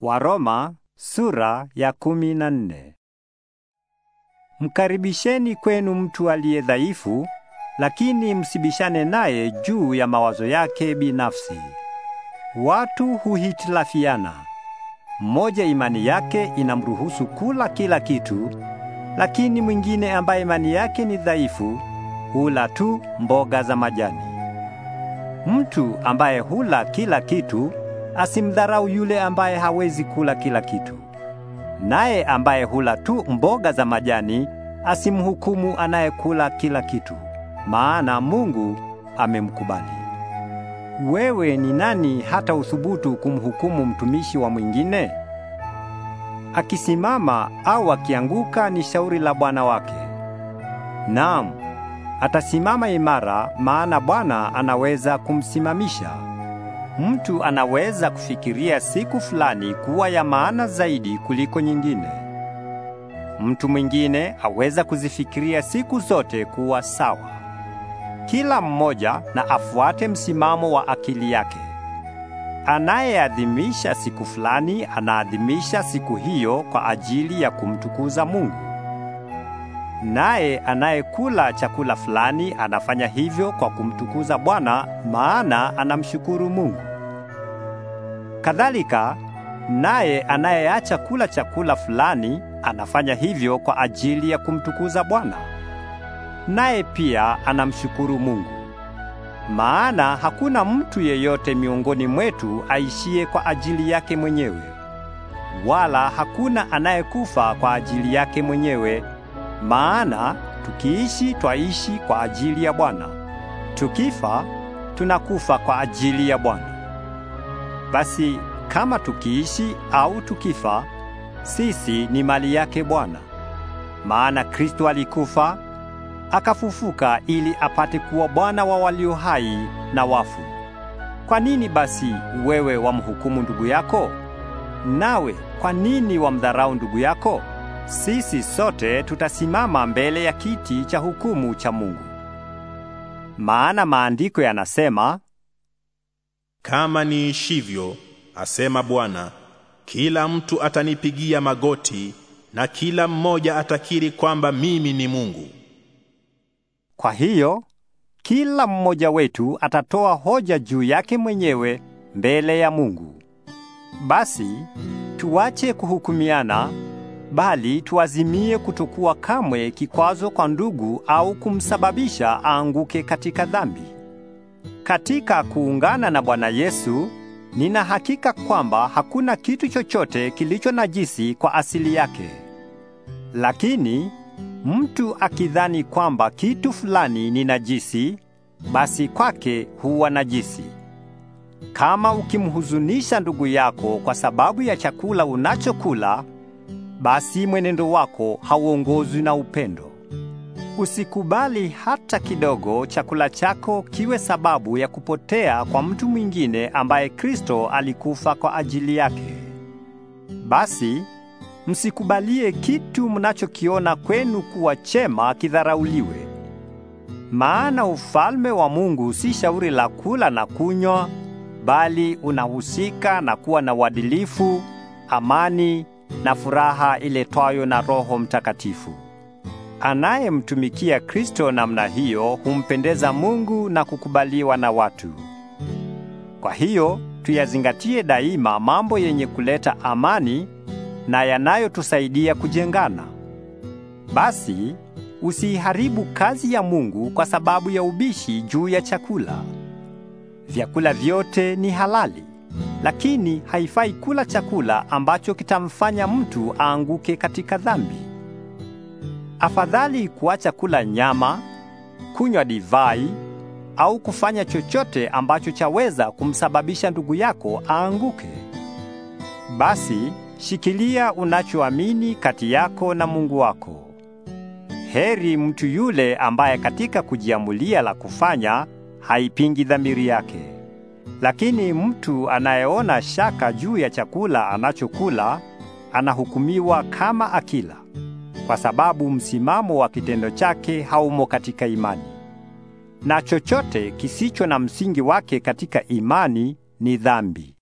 Waroma sura ya kumi na nne. Mkaribisheni kwenu mtu aliye dhaifu, lakini msibishane naye juu ya mawazo yake binafsi. Watu huhitilafiana. Mmoja imani yake inamruhusu kula kila kitu, lakini mwingine ambaye imani yake ni dhaifu hula tu mboga za majani. Mtu ambaye hula kila kitu asimdharau yule ambaye hawezi kula kila kitu. Naye ambaye hula tu mboga za majani asimhukumu anayekula kila kitu, maana Mungu amemkubali. Wewe ni nani hata uthubutu kumhukumu mtumishi wa mwingine? Akisimama au akianguka ni shauri la Bwana wake. Naam, atasimama imara, maana Bwana anaweza kumsimamisha. Mtu anaweza kufikiria siku fulani kuwa ya maana zaidi kuliko nyingine. Mtu mwingine aweza kuzifikiria siku zote kuwa sawa. Kila mmoja na afuate msimamo wa akili yake. Anayeadhimisha siku fulani anaadhimisha siku hiyo kwa ajili ya kumtukuza Mungu. Naye anayekula chakula fulani anafanya hivyo kwa kumtukuza Bwana, maana anamshukuru Mungu. Kadhalika, naye anayeacha kula chakula fulani anafanya hivyo kwa ajili ya kumtukuza Bwana, naye pia anamshukuru Mungu. Maana hakuna mtu yeyote miongoni mwetu aishie kwa ajili yake mwenyewe, wala hakuna anayekufa kwa ajili yake mwenyewe. Maana tukiishi twaishi kwa ajili ya Bwana, tukifa tunakufa kwa ajili ya Bwana. Basi kama tukiishi au tukifa, sisi ni mali yake Bwana. Maana Kristo alikufa akafufuka, ili apate kuwa Bwana wa walio hai na wafu. Kwa nini basi wewe wamhukumu ndugu yako? Nawe kwa nini wamdharau ndugu yako? sisi sote tutasimama mbele ya kiti cha hukumu cha Mungu. Maana maandiko yanasema, kama niishivyo, asema Bwana, kila mtu atanipigia magoti na kila mmoja atakiri kwamba mimi ni Mungu. Kwa hiyo kila mmoja wetu atatoa hoja juu yake mwenyewe mbele ya Mungu. Basi tuache kuhukumiana bali tuazimie kutokuwa kamwe kikwazo kwa ndugu au kumsababisha aanguke katika dhambi. Katika kuungana na Bwana Yesu, nina hakika kwamba hakuna kitu chochote kilicho najisi kwa asili yake. Lakini mtu akidhani kwamba kitu fulani ni najisi, basi kwake huwa najisi. Kama ukimhuzunisha ndugu yako kwa sababu ya chakula unachokula, basi mwenendo wako hauongozwi na upendo. Usikubali hata kidogo chakula chako kiwe sababu ya kupotea kwa mtu mwingine ambaye Kristo alikufa kwa ajili yake. Basi msikubalie kitu mnachokiona kwenu kuwa chema kidharauliwe. Maana ufalme wa Mungu si shauri la kula na kunywa, bali unahusika na kuwa na uadilifu, amani na furaha iletwayo na Roho Mtakatifu. Anayemtumikia Kristo namna hiyo humpendeza Mungu na kukubaliwa na watu. Kwa hiyo tuyazingatie daima mambo yenye kuleta amani na yanayotusaidia kujengana. Basi usiharibu kazi ya Mungu kwa sababu ya ubishi juu ya chakula. Vyakula vyote ni halali lakini haifai kula chakula ambacho kitamfanya mtu aanguke katika dhambi. Afadhali kuacha kula nyama, kunywa divai au kufanya chochote ambacho chaweza kumsababisha ndugu yako aanguke. Basi shikilia unachoamini kati yako na Mungu wako. Heri mtu yule ambaye katika kujiamulia la kufanya haipingi dhamiri yake. Lakini mtu anayeona shaka juu ya chakula anachokula anahukumiwa kama akila, kwa sababu msimamo wa kitendo chake haumo katika imani. Na chochote kisicho na msingi wake katika imani ni dhambi.